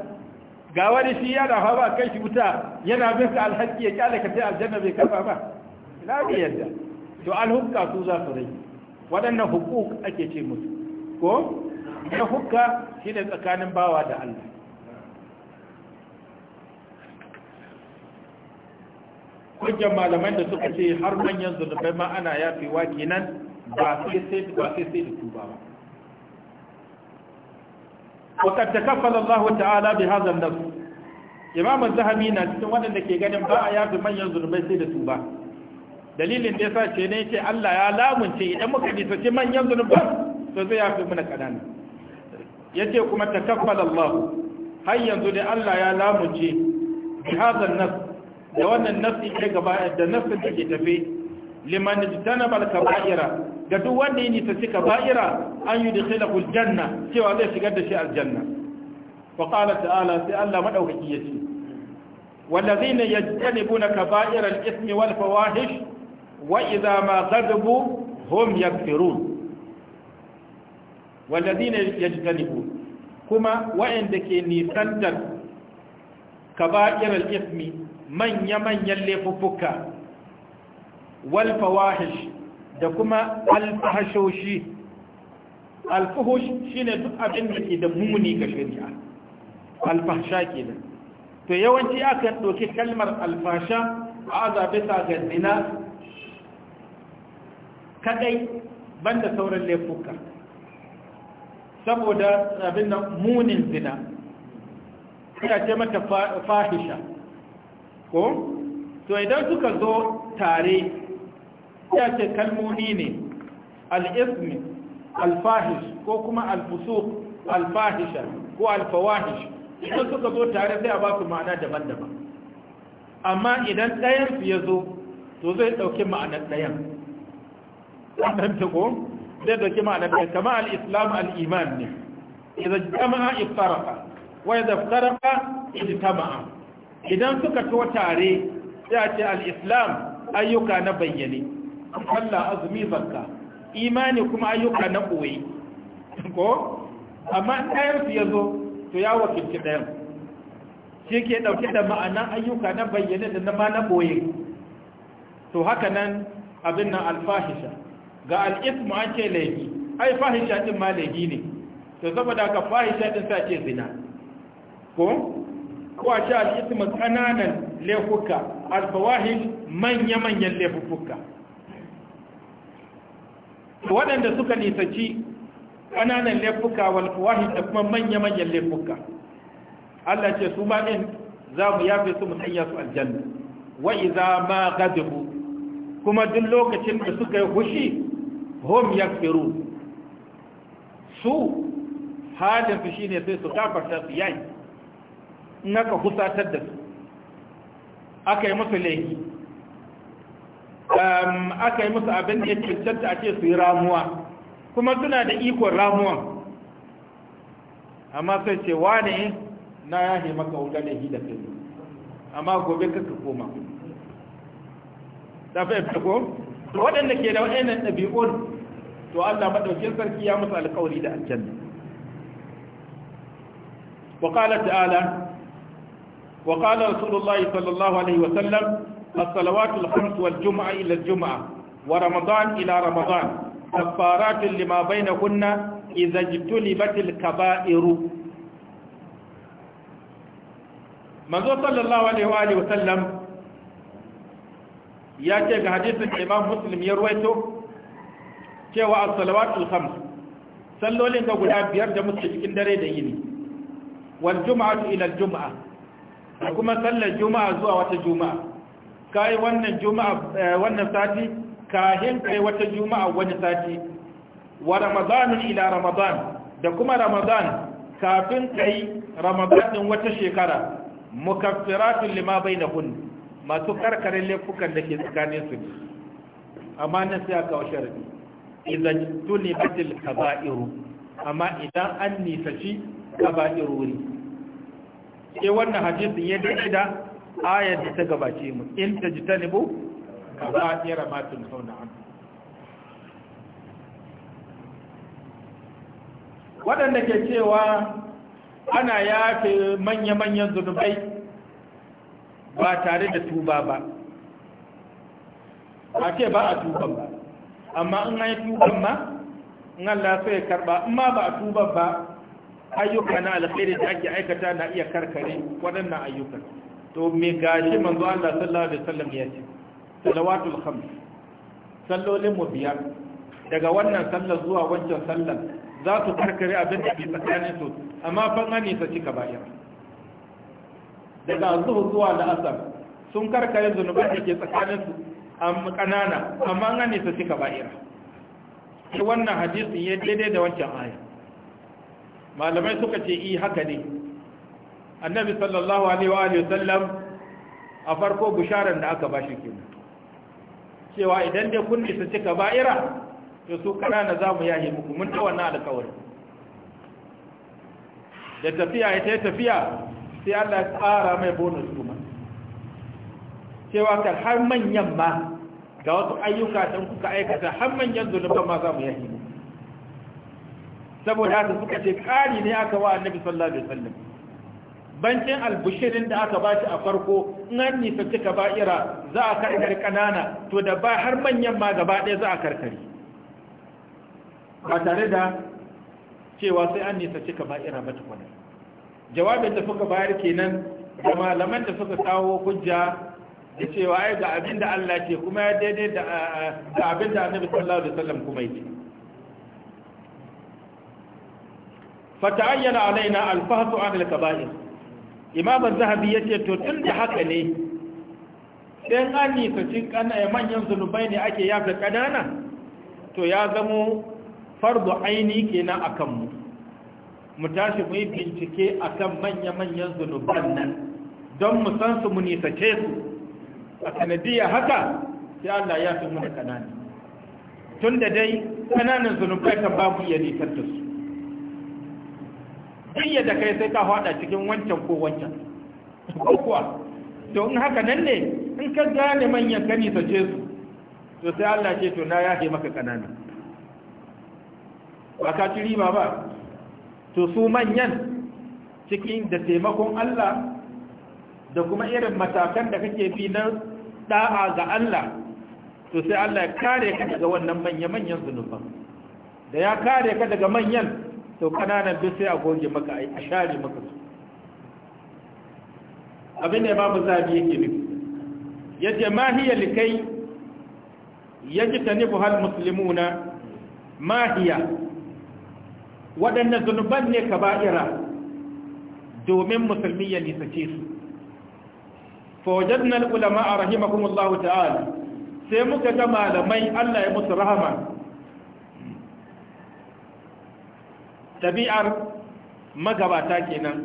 A: ga wani shi yana hawa kai shi wuta yana bin alhaki ya kyale ka sai aljanna bai kafa ba ina ne yadda to alhukka su za su rai waɗannan hukuk ake ce musu ko ya hukka shi ne tsakanin bawa da Allah hujjar malaman da suka ce har manyan zunubai ma ana yafewa kenan ba sai sai ba sai sai da tuba ba
B: وقد تكفل الله
A: تعالى بهذا النص إمام الذهبي cikin ودن ke ganin ba a yafi manyan zurbai sai da su ba dalilin da yasa ce ne ce Allah ya lamunce idan muka bisace manyan zurban to zai yafi mana kanana yace kuma takaffal Allah har yanzu da Allah ya lamunce bi hadha nas da wannan nasi ke gaba da nasin da ke tafe liman tanabal kaba'ira ga duk wanda ta nisanci ba'ira an yi dukhilahu aljanna cewa zai shigar da shi aljanna wa qala ta'ala sai Allah madaukaki yace والذين يجتنبون كبائر الإثم والفواحش وإذا ما غضبوا هم يغفرون والذين يجتنبون kuma waɗanda ke nisantar kaba'irar ismi manya-manyan laifuffuka wal fawahish da kuma alfahashoshi alfahosh shine duk abin da ke da muni ga shari'a alfahsha da. to yawanci aka ɗauki kalmar alfasha a azabe ta ga zina kadai banda sauran laifuka saboda abin da munin zina ya ce mata fahisha ko to idan suka zo tare ya ce kalmomi ne al'ismi alfahish ko kuma alfusuk alfahisha ko alfawahish idan suka zo tare sai a ba su ma'ana daban-daban amma idan ɗayan su ya zo to zai ɗauki ma'anar ɗayan ɗan ko zai ɗauki ma'anar ɗayan kama al'islam al'iman ne idan jama'a iftaraka wai da iftaraka ijtama'a idan suka to tare sai a ce al'islam ayyuka na bayyane Allah azumi zakka imani kuma ayyuka na koyi ko amma ɗayan su ya zo to ya wakilci ɗayan shi ke ɗauke da ma'anan ayyuka na bayyane da nama na koyi to haka nan abin nan alfahisha ga al'ismu an ce laifi ai fahisha ɗin ma laifi ne to saboda ka fahisha ɗin sa ce zina ko ko a ce al'ismu ƙananan laifuka alfawahin manya-manyan laifuka waɗanda suka nisanci ƙananan laifuka wal da kuma manya-manyan laifuka Allah ce su ma ɗin za mu yafe su mu sanya su aljanna wa iza ma ghadabu kuma duk lokacin da suka yi hushi hum yakfiru su halin su shine sai su kafarta su yayi in aka husatar da su aka yi musu laifi aka yi musu abin da ya cancanta a ce su yi ramuwa kuma suna da ikon ramuwa amma sai ce ne na yahe maka wuta da hi da kai amma gobe ka koma ta fahimta ko waɗanda ke da wa'annan ɗabi'un to Allah madaukin sarki ya musu alƙawari da aljanna wa qala ta'ala wa qala rasulullahi sallallahu alaihi wa sallam الصلوات الخمس والجمعة إلى الجمعة ورمضان إلى رمضان كفارات لما بينهن إذا اجتنبت الكبائر manzo sallallahu alaihi wa alihi wasallam ya ce ga hadisin Imam Muslim ya ruwaito cewa as-salawatul khams sallolin guda biyar da muke cikin dare da yini wal jum'atu kuma sallar juma'a zuwa wata juma'a ka yi wannan juma'a eh, wannan sati kahin kai wata juma'a wani sati wa ramadanun ila ramadan da kuma ramadan kafin kai ramadanin wata shekara mukaffiratun lima bainahun masu karkarin laifukan da ke tsakanin su amma na sai aka washe rabi idan tuni batil kaba'iru amma idan an nisaci kaba'iru wuri sai wannan hadisin ya dace ayar ta gabace mu in ta ji ta nibo ka za a tsira matun sauna an waɗanda ke cewa ana yafe manya-manyan zunubai ba tare da tuba ba a ce ba a tuban ba amma in an yi tuban ma in Allah so ya karba in ma ba a tuban ba ayyuka na alkhairi da ake aikata na iya karkare waɗannan ayyukan to me gashi manzo Allah sallallahu alaihi wasallam ya ce salawatul khams sallolin mu biyar daga wannan sallar zuwa wancan sallar za su karkare abin da bi tsakanin su amma ban ani ta cika bayan daga zuwa zuwa asar sun karkare zunuban da ke tsakanin su am kanana amma an ani ta cika bayan shi wannan hadisi ya daidai da wancan aya malamai suka ce i eh, haka ne annabi sallallahu alaihi wa alihi sallam a farko bisharar da aka bashi kenan cewa idan dai kun isa cika ba'ira to su kana za mu yahi muku mun ta wannan alƙawari da tafiya ita tafiya sai Allah ya tsara mai bonus kuma cewa ka har manyan ma ga wasu ayyuka don kuka aikata har manyan zunuban ma za mu yahi saboda haka suka ce kari ne aka wa annabi sallallahu alaihi wasallam bancin albushirin da aka ba shi a farko in an cika ba'ira za a karkar kanana to da ba har manyan ma gaba ɗaya za a karkari ba tare da cewa sai an nisa cika ba'ira ba tukuna jawabin da suka bayar kenan da malaman da suka kawo hujja da cewa ai ga abin da Allah ce kuma ya daidai da abin da annabi sallallahu alaihi wasallam kuma yake fata'ayyana alaina al-fahdu an al-kaba'ir imamun zahabi ya ce to tun da haka ne sai an nisaci eh, manyan zunubai ne ake yafe ƙanana to ya zamo fardu aini kenan a kanmu mu tashi mu yi bincike a kan manya-manyan zunuban nan don mu san su mu nisace su a sanadiya haka sai Allah ya fi mu da ƙanani tun da dai ƙananan zunubai kan babu iya nisar da su ayya da kai sai ka faɗa cikin wancan ko wancan ko kuwa to in haka nan ne in ka gane manyan kani ta je su to sai Allah ce to na yafe maka kanana ba ka ci riba ba to su manyan cikin da taimakon Allah da kuma irin matakan da kake bi na da'a ga Allah to sai Allah ya kare ka daga wannan manya-manyan zunuban da ya kare ka daga manyan to kananan duk sai a goge maka a share maka su abin da imamu zabi yake nufi yace ma hiya likai yajtanibu hal musulmuna ma hiya waɗanne zunuban ne ka baira domin musulmi ya nisace su fawajadna ulama a rahimahumullahu ta'ala sai muka ga malamai Allah ya musu rahama ɗabi'ar magabata kenan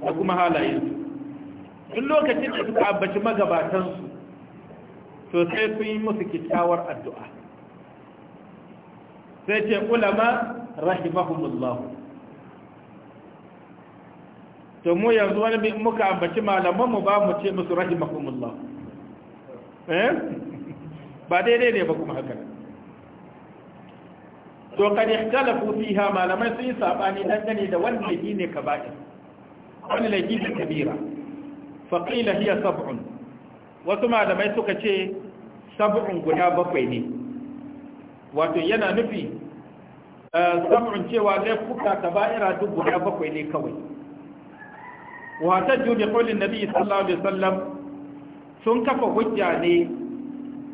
A: da kuma su, duk lokacin da suka ambaci magabatansu to sai sun yi musu kyakkyawar addu'a sai ce ulama rahimahumullahu to mu yanzu wani muka ambaci malamanmu ba mu ce musu rahimahumullahu eh ba daidai ne ba kuma hakan. to kan ikhtalafu fiha malamai sun yi sabani dangane da wani laifi ne kaba'ir wani laifi ne kabira fa qila hiya sab'un wasu malamai suka ce sab'un guda bakwai ne wato yana nufi eh, sab'un cewa zai fuka ta baira duk guda bakwai ne kawai wa tajju bi qawli nabi sallallahu alaihi wasallam sun kafa hujja ne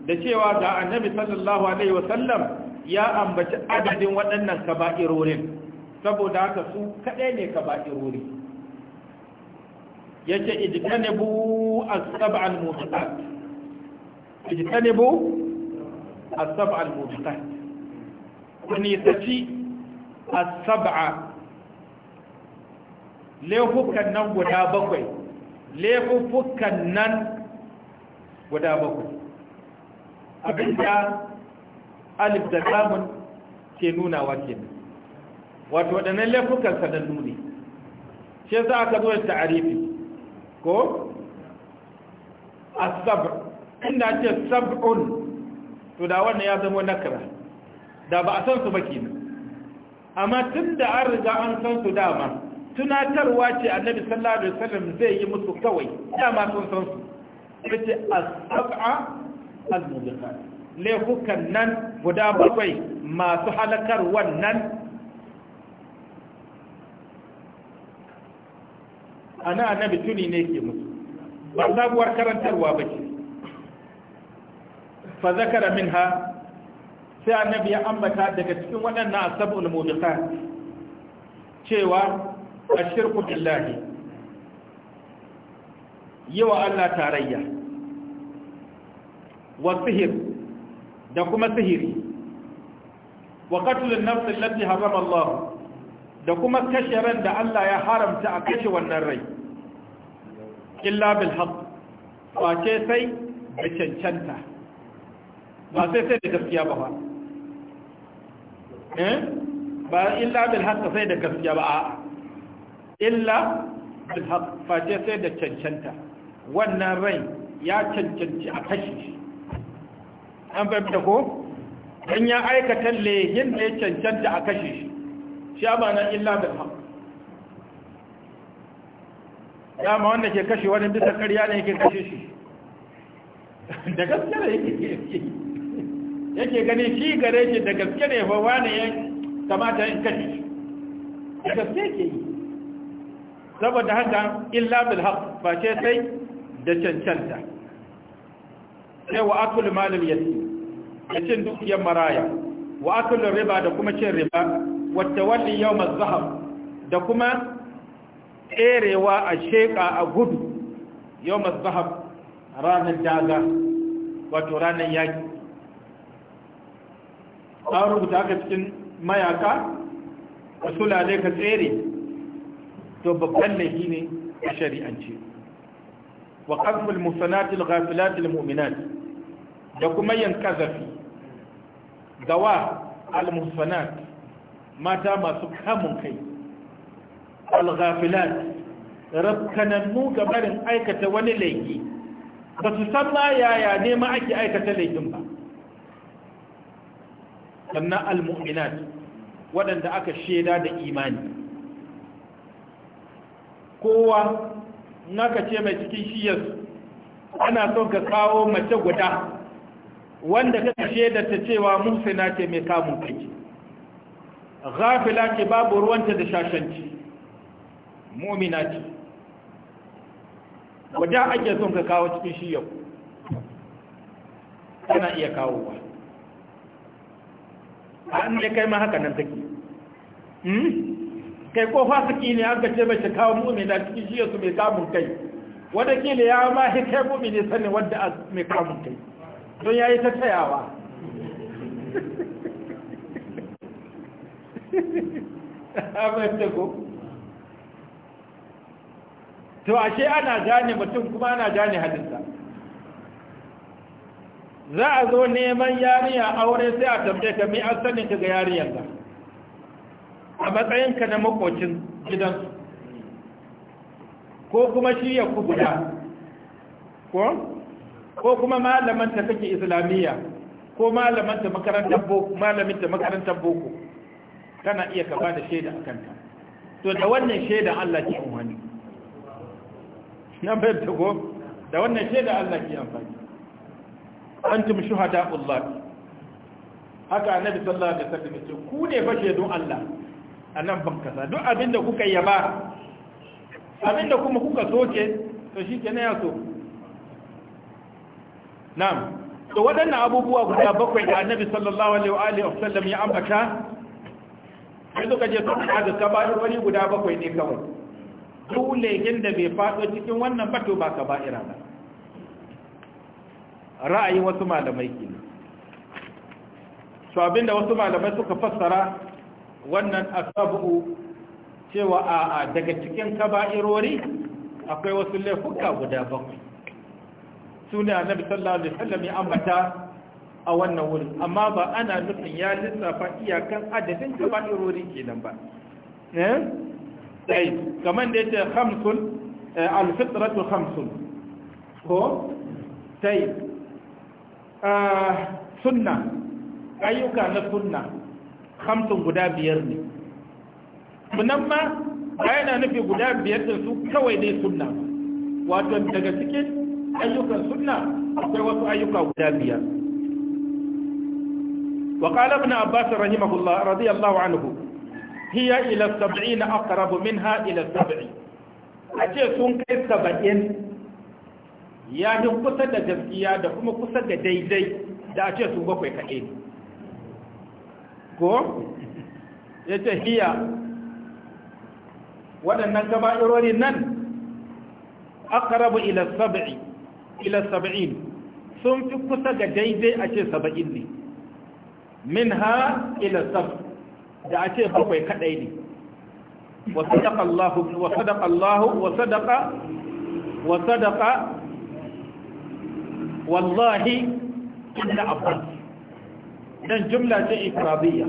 A: da cewa ga annabi sallallahu alaihi wasallam ya ambaci adadin waɗannan kaba'irorin saboda haka su kaɗai ne kaba'irori ya ce ijitanibu saba al-mubiqat ijitanibu saba al-mubiqat ku nisaci asaba laifukan nan guda bakwai laifukan nan guda bakwai
B: abinda
A: alif da lamun ke nuna wake wato waɗannan laifukan sanannu nuni shi za ka zo ta arifi ko a asab inda ce sab'un to da wannan ya zama nakara da ba a san su ba ne amma tun da an riga an san su dama tunatarwa ce annabi sallallahu alaihi wasallam zai yi musu kawai dama sun san su kace as-sab'a al-mubiqat laifukan nan guda bakwai masu halakar wannan ana annabi tuni ne ke mutu. ba sabuwar karantarwa ba ce fa zakara minha sai annabi ya ambata daga cikin waɗannan asabul mudaka cewa ashirku billahi yawa Allah tarayya wa sihir da kuma sihiri wa qatlun nafs allati harrama Allah da kuma kashe ran da Allah ya haramta a kashe wannan rai illa bil haqq face sai da cancanta ba sai sai da gaskiya ba ba eh ba illa bil haqq sai da gaskiya ba illa bil haqq face sai da cancanta wannan rai ya cancanci a kashe shi an fahimta ko dan ya aikata lehin da ya cancanta a kashe shi shi ba na illa bil haq dama wanda ke kashe wani bisa karya ne yake kashe shi da gaske ne yake yake gani shi gare shi da gaske ne ba wani ya kamata in kashe shi da gaske ke yi saboda haka illa bil haq ba ce sai da cancanta sai wa akul malil yasi da cin dukiyar maraya wa akul riba da kuma cin riba wata tawalli yawmaz zahab da kuma tserewa a sheka a gudu yawmaz zahab ranar daga wato ranar yaki an rubuta haka cikin mayaka a sulale ka tsere to babban laifi ne a shari'ance wa ƙarfin musanatil ghafilatil mu'minat da kuma yin da wa al-muhsanat mata masu kamun kai al-ghafilat rabkanannu gabarin aikata wani laifi ba su san ma yaya ne ma ake aikata laifin ba sannan al-mu'minat waɗanda aka shaida da imani kowa naka ce mai cikin shiyar ana son ka kawo mace guda wanda ta da ta cewa muhsina ce mai kamun kai ghafila ce babu ruwanta da shashanci mu'mina ce wadda ake son ka kawo cikin shi yau tana iya kawo ba a inda kai ma haka nan take hmm? kai ko fasiki ne an ka ce bai kawo mu'mina cikin shi yau su mai kamun kai wadda kila ya ma hikai mu'mini sanin wadda mai kamun kai don ya yi ta tayawa [LAUGHS] abin da ko to ashe ana gane mutum kuma ana gane hadisa za a zo neman yariya aure sai a tambaye ka mai an sanin ka ga yariyar ka a matsayinka na makocin gidansu ko kuma shi ya kubuta ko ko kuma malamanta ta kake islamiyya ko malaman makarantar boko malamin ta makarantar boko kana iya ka bada shaida akan ta to da wannan shaida Allah ke amfani na bayyana ko da wannan shaida Allah ke amfani antum shuhada'ullah haka annabi sallallahu alaihi wasallam ce ku ne fa shaidun Allah anan ban kasa duk abinda kuka yaba abinda kuma kuka soke to shi shikenan ya so na'am to waɗannan abubuwa guda bakwai da annabi sallallahu alaihi wa sallam ya ambata sai suka je suka ga kaba'ir wani guda bakwai ne kawai dole lehin da bai faɗo cikin wannan bato ba ka ba’ira ba ra'ayi wasu malamai ke to abinda wasu malamai suka fassara wannan asabu cewa a daga cikin kaba'irori akwai wasu laifuka guda bakwai su ne annabi sallallahu alaihi sallam ya ambata a wannan wurin amma ba ana nufin ya lissafa iyakan adadin ke nan ba eh kamar da yake khamsul eh, al-fitratu Hamsun. ko ɗai eh, sunna ayyuka na sunna hamsun guda biyar ne sunan ma ba yana nufi guda biyar da su kawai dai sunna wato daga cikin ayyukan sunna akwai wasu ayyuka guda biyar wa qala ibn abbas rahimahullah radiyallahu anhu hiya ila 70 aqrab minha ila 70 ace sun kai 70 ya ni kusa da gaskiya da kuma kusa da daidai da a ce su bakwai kaɗai ne ko yace hiya waɗannan gaba'irori nan aka rabu ila sab'i ila saba'in sun fi kusa ga daidai a ce saba'in ne min ha ila sab da a ce bakwai kaɗai ne wa sadaka wallahi ibn Abbas dan jumla ce ifradiyya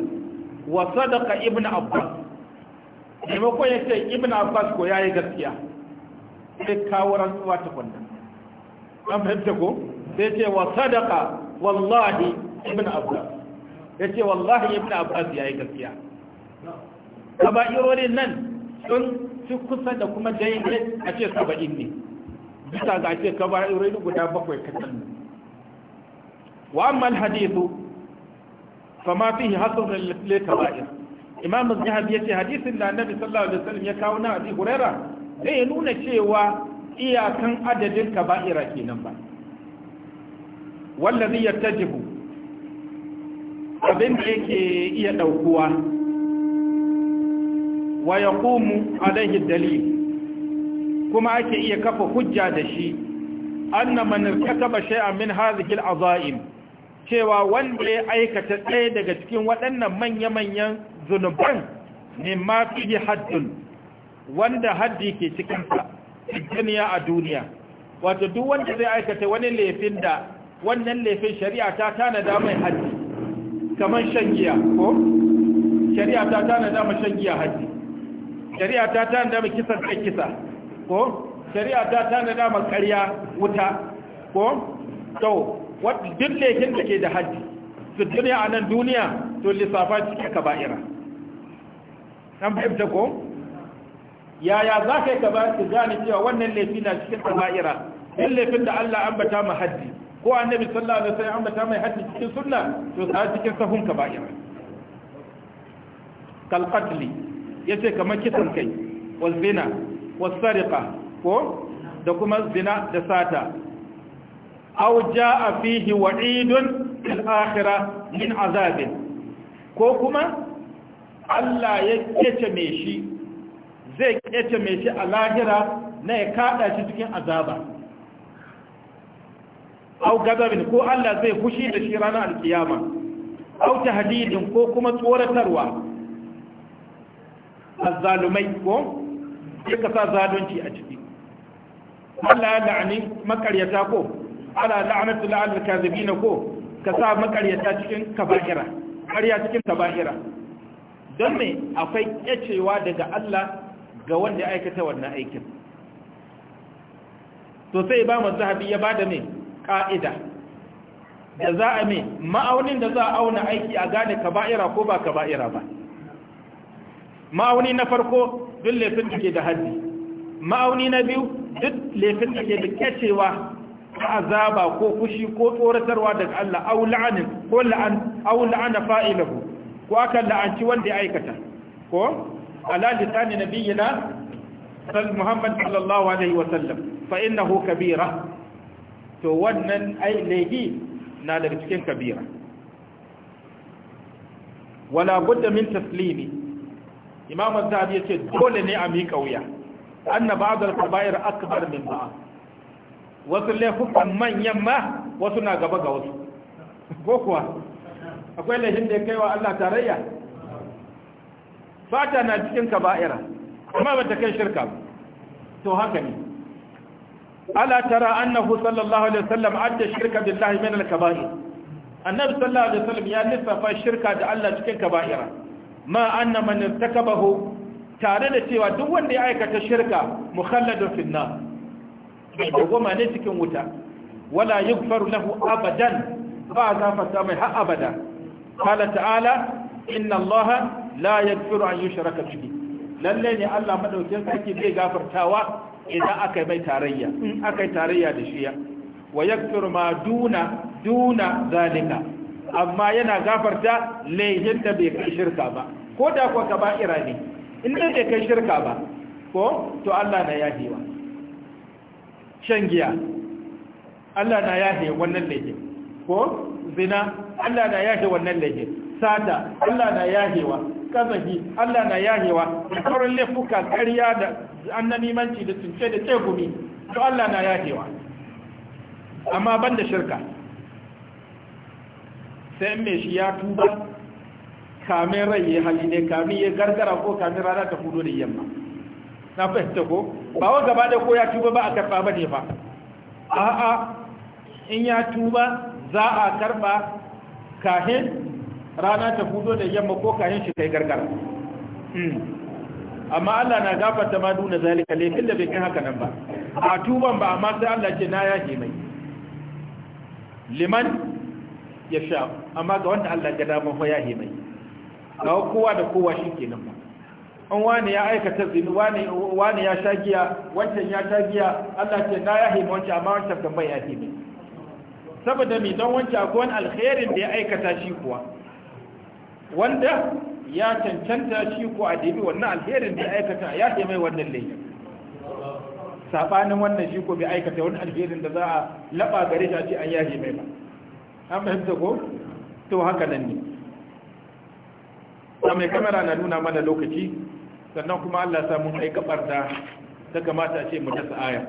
A: wa sadaka ibn Abbas maimakon ya ce ibn Abbas ko yayi gaskiya sai kawo rantsuwa tukunna an fahimta ko sai ce wa sadaka wallahi ibn abbas ya ce wallahi ibn abbas ya yi gaskiya irori nan sun fi kusa da kuma daidai a ce saba'in ne bisa ga ce kaba'irorin guda bakwai kasan wa amma fa ma fihi hasan lil kaba'ir imam az-zahabi yace hadisin da annabi sallallahu alaihi wasallam ya kawo na abi hurairah zai nuna cewa iyakan adadin kaba'ira kenan ba wallazi yattajibu abin da yake iya daukuwa wa yaqumu alaihi dalil kuma ake iya kafa hujja da shi anna man kataba shay'an min hadhihi al'azaim cewa wanda ya aikata ɗaya daga cikin waɗannan manya-manyan zunuban ne ma fi haddun wanda haddi ke cikinsa duniya a duniya wato duk wanda zai aikata wani laifin da wannan laifin shari'a ta tanada mai haji kamar shan giya ko shari'a ta tanada mai shan giya haji shari'a ta tanada mai kisan kai kisa ko shari'a ta tanada mai ƙarya wuta ko to duk laifin da ke da haji su duniya a nan duniya to lissafa cikin kaba'ira an fahimta ko yaya za ka yi ka ba su gane cewa wannan laifi na cikin kaba'ira yan laifin da Allah an bata ma haddi ko annabi sallallahu alaihi wasallam bata mai haddi cikin sunna to sa cikin sahun kaba'ira kal qatli yace kamar kisan kai wal zina was sariqa ko da kuma zina da sata aw jaa fihi wa'idun fil akhirah min azabin ko kuma Allah ya kece me shi zai kece mai shi a lahira na ya kada shi cikin azaba au gazabin ko Allah zai fushi da shi ranar alkiyama au tahdidin ko kuma tsoratarwa azzalumai ko suka sa zalunci a ciki Allah ya la'ani makaryata ko ala la'anatu la'al kazibina ko ka sa makaryata cikin kaba'ira ƙarya cikin kabahira. don me akwai kecewa daga Allah ga wanda ya aikata wannan aikin to sai ba mu zahabi ya bada mai ka'ida da za a mai ma'aunin da za a auna aiki a gane ka ba'ira ko ba ba'ira ba ma'auni na farko duk laifin da ke da haddi ma'auni na biyu duk laifin da ke da kyacewa azaba ko fushi ko tsoratarwa daga Allah au la'anin ko la'an au la'ana fa'ilahu ko aka la'anci wanda ya aikata ko alali tani na biyina san muhammad sallallahu alaihi wasallam fa inna kabira to wannan ainihi na da cikin kabira wala gudda min taslimi imam azhar ce dole ne a mi kauya anna ba'd al kabair akbar min ba wasu laifukan manyan ma wasu na gaba ga wasu ko kuwa akwai laifin da ya kai wa allah tarayya fata na cikin kaba'ira kuma ba ta kai shirka ba to haka ne ala tara annahu sallallahu alaihi wasallam adda shirka billahi min al-kaba'ir annabi sallallahu alaihi wasallam ya lissafa shirka da Allah cikin kaba'ira ma anna man irtakabahu tare da cewa duk wanda ya aikata shirka mukhalladun fi nar mai dogoma ne cikin wuta wala yughfaru lahu abadan ba za fata mai har abada qala ta'ala inna allaha la yaghfiru an yushraka bihi lalle ne Allah madaukin sarki zai gafartawa idan aka mai tarayya in aka yi tarayya da shi wa yaghfiru ma duna duna zalika amma yana gafarta laihin da bai kai shirka ba ko da ko kaba'ira ne in da bai kai shirka ba ko to Allah na yahewa shan giya Allah na yahe wannan laifin ko zina Allah na yahe wannan laifin sata Allah na yahewa kazahi Allah na yahewa da sauran laifuka ƙarya da annamimanci da cince da tsegumi to Allah na yahewa amma ban da shirka sai mai shi ya tuba kamin rai ya hali ne kamin ya gargara ko kamin rana ta hudu da yamma na fahimta ko ba wa gaba da ko ya tuba ba a karɓa ba ne ba a'a in ya tuba za a karɓa kahin rana ta fito da yamma ko kayan shi kai gargara hmm. amma Allah na gafarta ma duna zalika laifin da bai kai haka nan ba a tuban ba amma sai Allah ce na yahe mai liman ya sha amma ga wanda Allah ga damar fa yahe mai ga kowa da kowa shi nan ba an wani ya aikata zini wani ya sha giya wancan ya sha giya Allah ce na yahe mai wancan amma wancan kan bai yahe mai saboda mai don wancan akwai wani alkhairin da ya aikata shi kuwa wanda ya cancanta shi ko a debi wannan alherin da aikata ya ce mai wannan laifi sabanin wannan shi ko bai aikata wani alherin da za a laba gare shi a ce an yaje mai ba an fahimta ko to haka nan ne mai kamera na nuna mana lokaci sannan kuma Allah ya mun aika gabar da ta kamata a ce mu dasa aya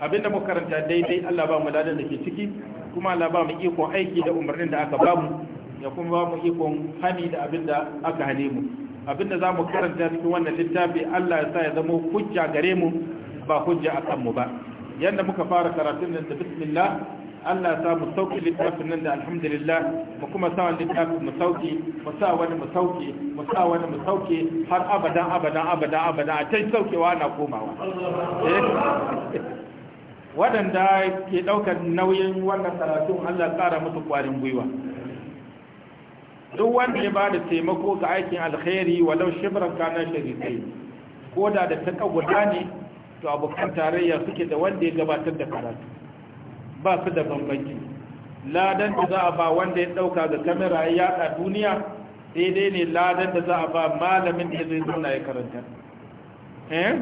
A: abinda mu karanta daidai Allah ba mu ladan da ke ciki kuma Allah ba mu iko aiki da umarnin da aka bamu ya kuma ba mu ikon hani da abin da aka hane mu abin da za mu karanta cikin wannan littafi Allah ya sa ya zama hujja gare mu ba hujja a kanmu ba yadda muka fara karatun nan da bismillah Allah ya sa mu sauki littafin nan da alhamdulillah mu kuma sa wani littafin mu sauki mu sa wani mu sauki mu sa wani mu sauki har abadan abadan abadan abadan a can saukewa na komawa eh? [LAUGHS] waɗanda ke ɗaukar nauyin wannan karatun Allah ya ƙara musu ƙwarin gwiwa duk wanda ya bada taimako ga aikin alkhairi walau shibran kana sharikai ko da da ta guda ne to abokan tarayya suke da wanda ya gabatar da karatu ba su da bambanci ladan da za a ba wanda ya dauka ga kamera ya yada duniya daidai ne ladan da za a ba malamin da zai zauna ya karanta eh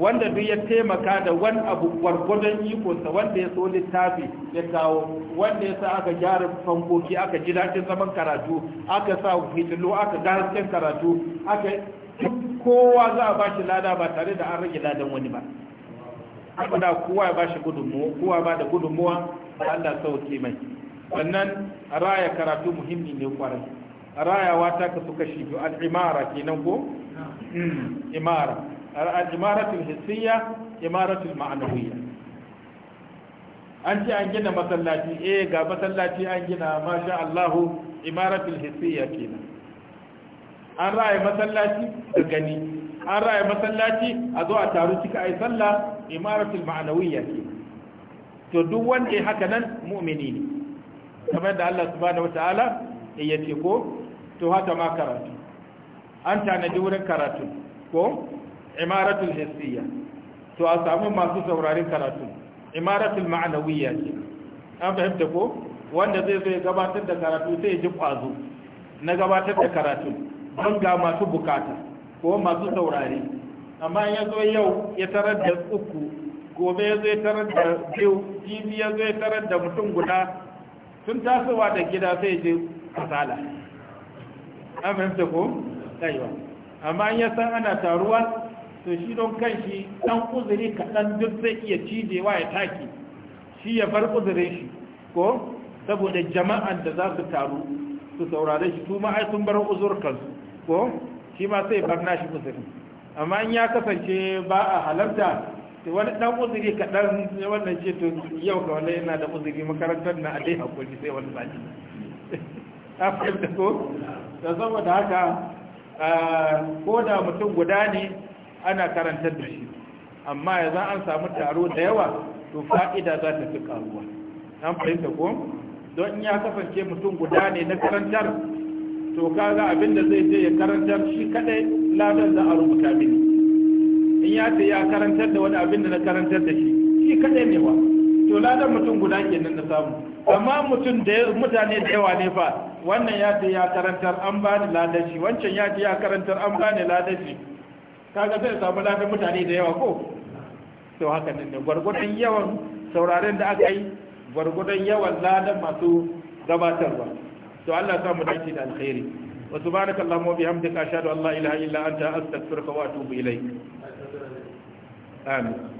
A: wanda duk ya taimaka da wani abu gwargwadon ikonsa wanda ya so littafi ya kawo wanda ya sa aka gyara fankoki aka ji daɗin zaman karatu aka sa fitilu aka gaske karatu aka kowa za a bashi lada ba tare da an rage ladan wani ba saboda kowa ya bashi gudunmuwa kowa ba da gudunmuwa da Allah sauke mai sannan raya karatu muhimmi ne kwarai rayawa ta kasu kashi biyu al'imara kenan ko hmm, imara al'imaratul hissiya imaratul ma'anawiyya an ce an gina masallaci eh ga masallaci an gina masha Allahu imaratul hissiya kenan an ra'ayi masallaci da gani an ra'ayi masallaci a zo a taru cika ai sallah imaratul ma'anawiyya kenan to duk wanda ya haka nan mu'mini ne kamar da Allah subhanahu wataala ya ce ko to haka ma karatu an tanadi wurin karatu ko imaratul hissiya to a samu masu saurarin karatu imaratul ma'anawiyya ce an fahimta ko wanda zai zai gabatar da karatu sai ya ji kwazo na gabatar da karatu don ga masu bukata ko masu saurari amma ya zo yau ya tarar da uku gobe ya zo ya tarar da biyu jibi ya zo ya tarar da mutum guda sun tasowa da gida sai ya je kasala an fahimta ko? aiwa amma ya san ana taruwa to shi don kanshi dan uzuri kaɗan duk zai iya cijewa ya taki shi ya bar uzurin shi ko saboda jama'an da za su taru su saurare shi kuma ai sun bar uzurkansu ko shi ma sai bar nashi uzuri amma in ya kasance ba a halarta wani dan uzuri kaɗan wannan ce to yau ga wani yana da uzuri makarantar na alai hakuri sai wani sati [LAUGHS] a fahimta ko da saboda haka ah, ko da mutum guda ne ana karantar da shi amma yanzu an samu taro da yawa to fa'ida za ta fi karuwa an fahimta ko don in ya kasance mutum guda ne na karantar to kaga abin da zai je ya karantar shi kadai ladan za a rubuta mini in ya ce ya karantar da wani abin da na karantar da shi shi kadai ne wa to ladan mutum guda ke nan na samu amma mutum da mutane da yawa ne fa wannan ya ce ya karantar an bani ladan shi wancan ya ce ya karantar an bani ladan shi kaga zai samu ladan mutane da yawa ko to haka ne da gwargwadon yawan sauraren da aka yi gwargwadon yawan ladan masu gabatarwa to Allah mu dace da alkhairi wa subhanaka wa bihamdika ashhadu an la ilaha illa anta astaghfiruka wa atubu ilaik amin